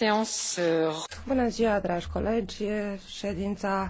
Euh, Bună ziua, dragi colegi! Ședința